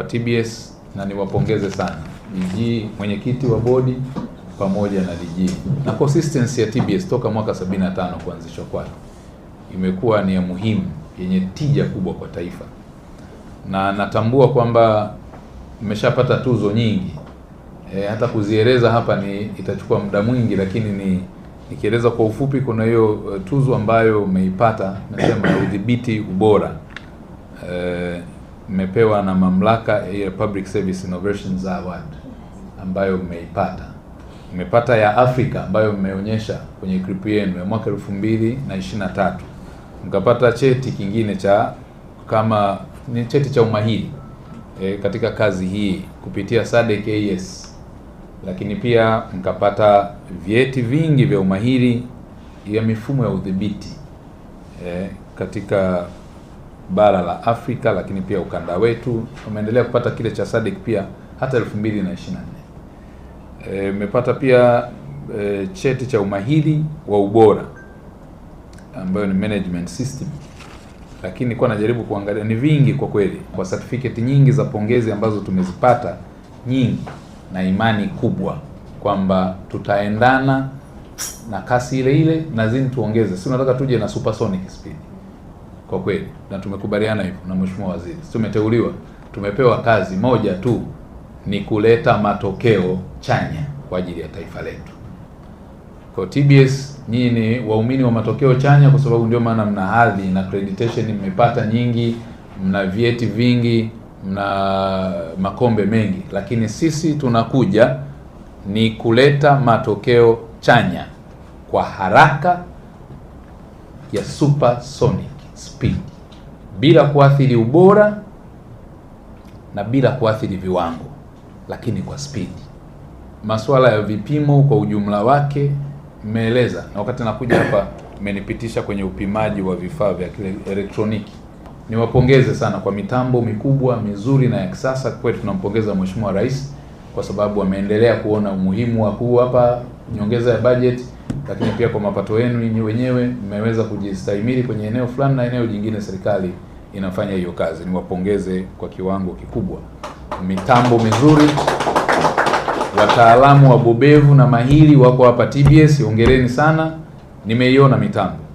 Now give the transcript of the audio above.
wa TBS na niwapongeze sana DG, mwenyekiti wa bodi pamoja na DG. Na consistency ya TBS toka mwaka 75 kuanzishwa kwake imekuwa ni ya muhimu yenye tija kubwa kwa taifa, na natambua kwamba mmeshapata tuzo nyingi e, hata kuzieleza hapa ni itachukua muda mwingi, lakini ni nikieleza kwa ufupi, kuna hiyo e, tuzo ambayo umeipata, nasema ya udhibiti ubora e, mmepewa na mamlaka ya Public Service Innovations Award ambayo mmeipata, mmepata ya Afrika ambayo mmeonyesha kwenye clip yenu ya mwaka elfu mbili na ishirini na tatu mkapata cheti kingine cha kama ni cheti cha umahiri e, katika kazi hii kupitia SADC AS, lakini pia mkapata vyeti vingi vya umahiri ya mifumo ya udhibiti e, katika bara la Afrika, lakini pia ukanda wetu umeendelea kupata kile cha SADC pia hata 2024 e, umepata pia e, cheti cha umahiri wa ubora ambayo ni management system, lakini kwa najaribu kuangalia ni vingi kwa kweli, kwa certificate nyingi za pongezi ambazo tumezipata nyingi, na imani kubwa kwamba tutaendana na kasi ile ile na zini tuongeze, si unataka tuje na supersonic speed kwa kweli, na tumekubaliana hivyo na mheshimiwa waziri. Tumeteuliwa, tumepewa kazi moja tu, ni kuleta matokeo chanya kwa ajili ya taifa letu. Kwa TBS nyinyi ni waumini wa matokeo chanya, kwa sababu ndio maana mna hadhi na accreditation mmepata nyingi, mna vyeti vingi, mna makombe mengi, lakini sisi tunakuja ni kuleta matokeo chanya kwa haraka ya supersonic speed bila kuathiri ubora na bila kuathiri viwango, lakini kwa spidi. Masuala ya vipimo kwa ujumla wake mmeeleza, na wakati nakuja hapa mmenipitisha kwenye upimaji wa vifaa vya elektroniki. Niwapongeze sana kwa mitambo mikubwa mizuri na ya kisasa. Kweli tunampongeza Mheshimiwa Rais kwa sababu ameendelea kuona umuhimu wa huu hapa nyongeza ya budget, lakini pia kwa mapato yenu nyinyi wenyewe mmeweza kujistahimili kwenye eneo fulani na eneo jingine serikali inafanya hiyo kazi. Niwapongeze kwa kiwango kikubwa. Mitambo mizuri, wataalamu wabobevu na mahiri wako hapa TBS, hongereni sana. Nimeiona mitambo